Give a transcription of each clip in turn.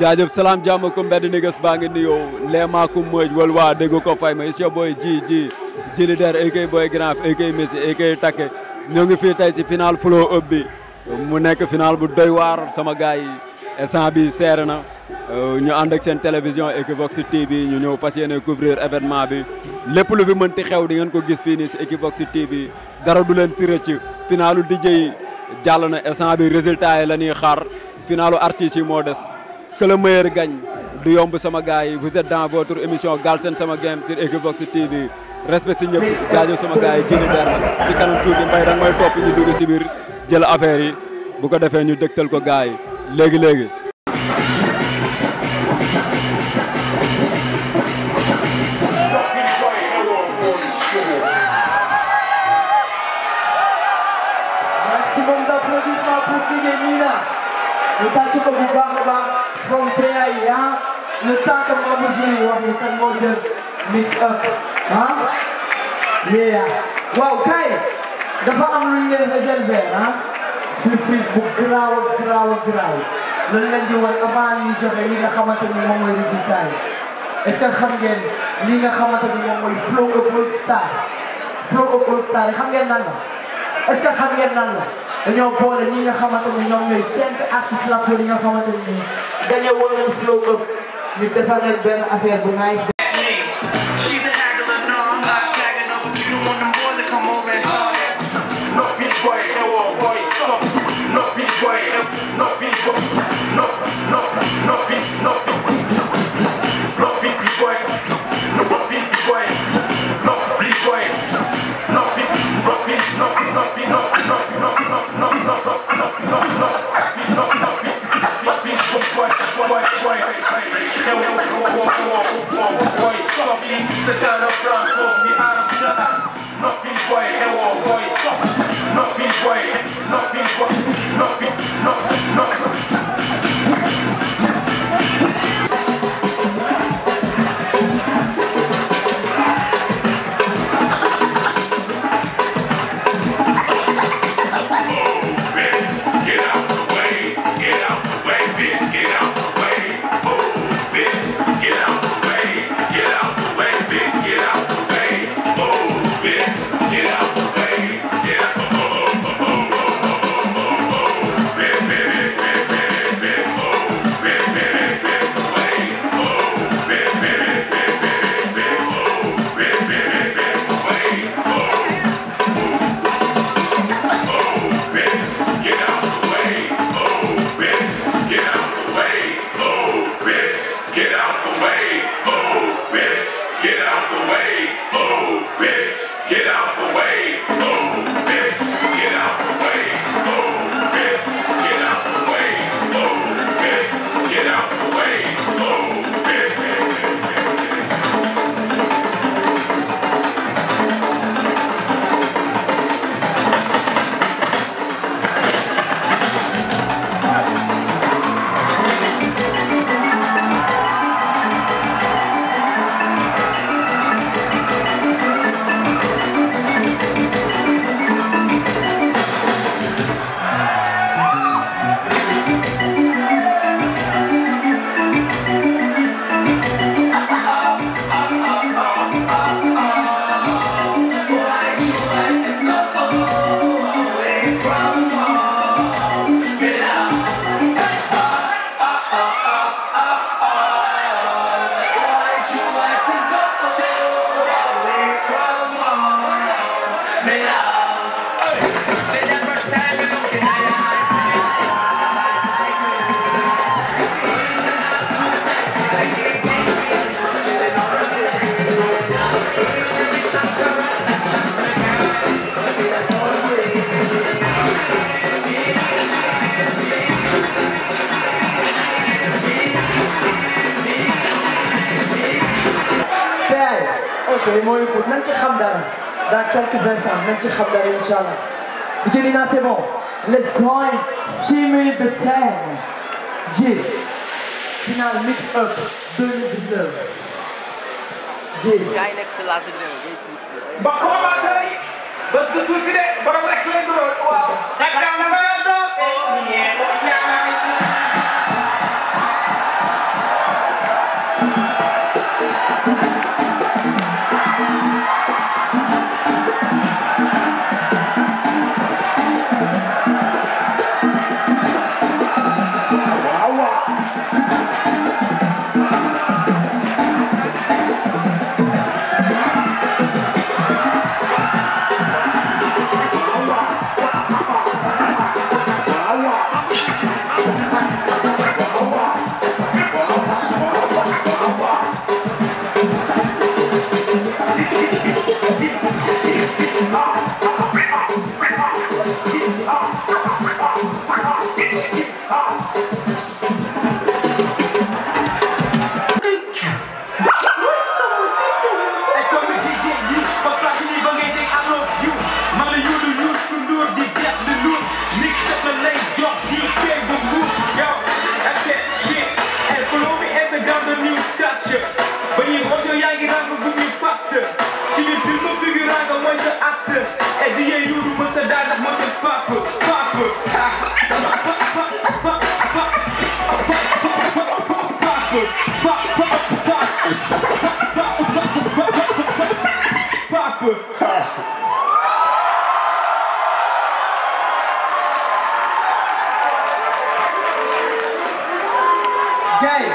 jaajëf salaam jàmm ko mbedd ni gës baa ngi nuyoo leema ku mëj wal waa dégg ko fay ma it's your ji ji jili der éykay boy grand éykay messi éykay takke ñoo ngi fii tey si final flow up bi mu nekk final bu doy waar sama gars yi instant bi seere na euh, ñu ànd ak seen télévision Equivox TV ñu ñëw fas yéene couvrir événement bi lépp lu fi mënti xew di ngeen ko gis fii nii si Equivox TV dara du leen ci rëcc finalu DJ yi jàll na instant bi résultat yi la ñuy xaar finalu artistes moo des que le meilleur du yomb sama gars yi vous êtes dans votre émission Galsen Sama Game sur Equivox TV respect si ñëpp jaajëf sama gars kii ni ci kanam tuuti mbay danga may topp ñu dugg si biir jël affaire yi bu ko defee ñu dëgtal ko gars yi léegi léegi. from Trea yeah? ñu tàkk Mabuji wax ñu kan moo mix up ah yeah waaw kay dafa am lu ñu leen réserver ah surprise bu garaaw garaaw garaaw loolu lañ di war avant ñu joxe li nga xamante ni moom mooy résultat yi est ce que xam ngeen li nga xamante ni moom mooy flow of all star flow of all star yi xam ngeen nan la est ce que xam ngeen nan la dañoo boole ñi nga xamante ni ñoom ñooy cinq artistes rappeurs yi nga xamante ni dañoo woon nañu flow up ñu defar leen benn affaire bu nice bitch. Get out. ok mooy écoute nañ ci xam dara dans quelques instants nañ ci xam dara incha allah. Dieu dit non c'est bon. Let's go six minutes de scène. Dieu. Final mix up 2019. Dieu. ba commentaire yi. ba surtout bi de borom rek lañ doon waaw. Thank you. gars yi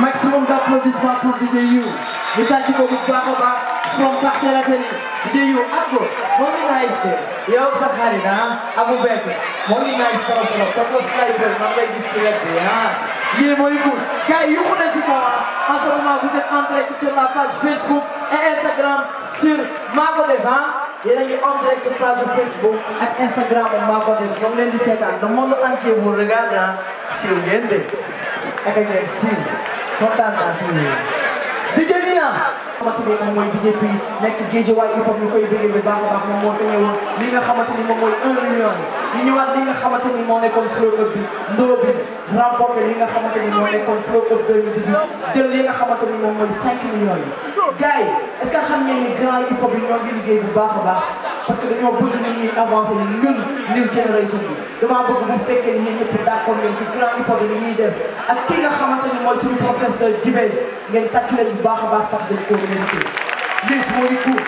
maximum ma pour DJ Yu ñu tàcc ko bu baax a baax from Parcelles Assainies DJ Yu ak ko moo ngi nice de yow sa xarit ah Abou Bekk moo ngi nice trop trop comme que sniper man lay gis ci web bi ah. mooy gudd gars yi yu si kaw ah en ce moment vous êtes entré la Facebook et Instagram sur Mako Def ah yéen a ngi en direct page Facebook ak Instagram Mako Def ñoo ngi leen di seetaan le monde entier vous regarde ah sur ngeen de ak ak yéen si kontaan naa ci yéen. DJ koy bëggee a baax moom li nga xamante ni moom mooy ni moo nekkoon flow up bi ndóo bi remporté nga xamante ni moo nekkoon ni moom mooy 5 millions yi. gars yi est-ce que xam ngeen ni bu baax a baax parce que dañoo bëgg nit ñi avancer ñun ñun génération damaa bëgg bu fekkee ni ñun ñëpp d'accord ngeen ci grand hip hop bi ñuy def ak ki nga xamante ni mooy suñu professeur Djibès ngeen tàccu leen bu baax a baax parce que dañ koo mérité yes mooy cool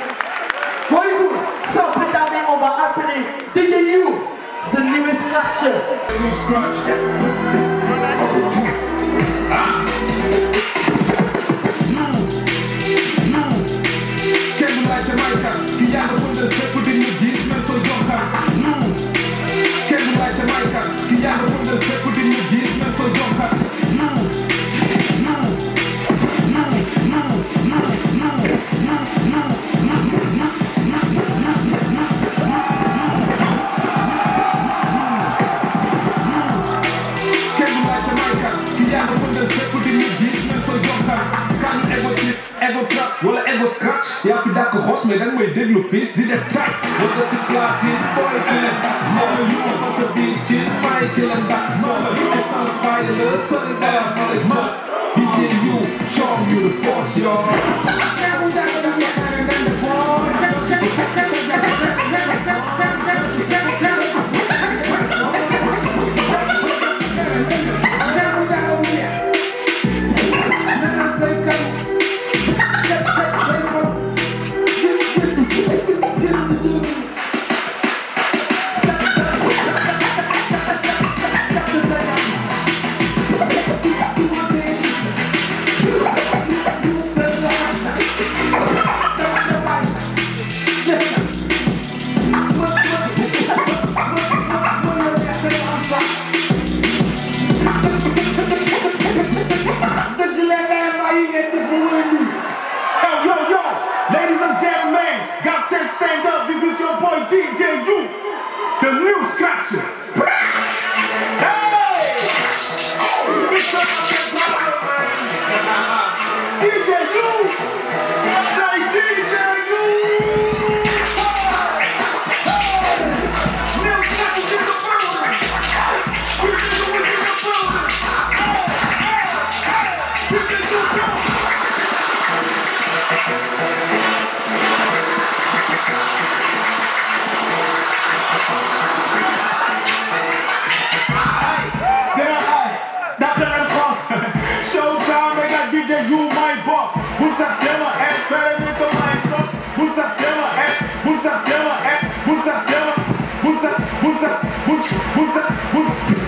mooy cool sans plus tarder on va appeler DJ Yu the newest scratcher o fils di def tànk war nga si platine booy alal mooy yu sa masa bi ci may ci la ndax soos essence bàyyi la sori air mooy ma DJ you show you the boss yo Bursa Kema S, Ferramenta mais sons. Bursa Kema S, Bursa Kema S, Bursa Kema, Bursa, Bursa, Bursa, Bursa, Bursa.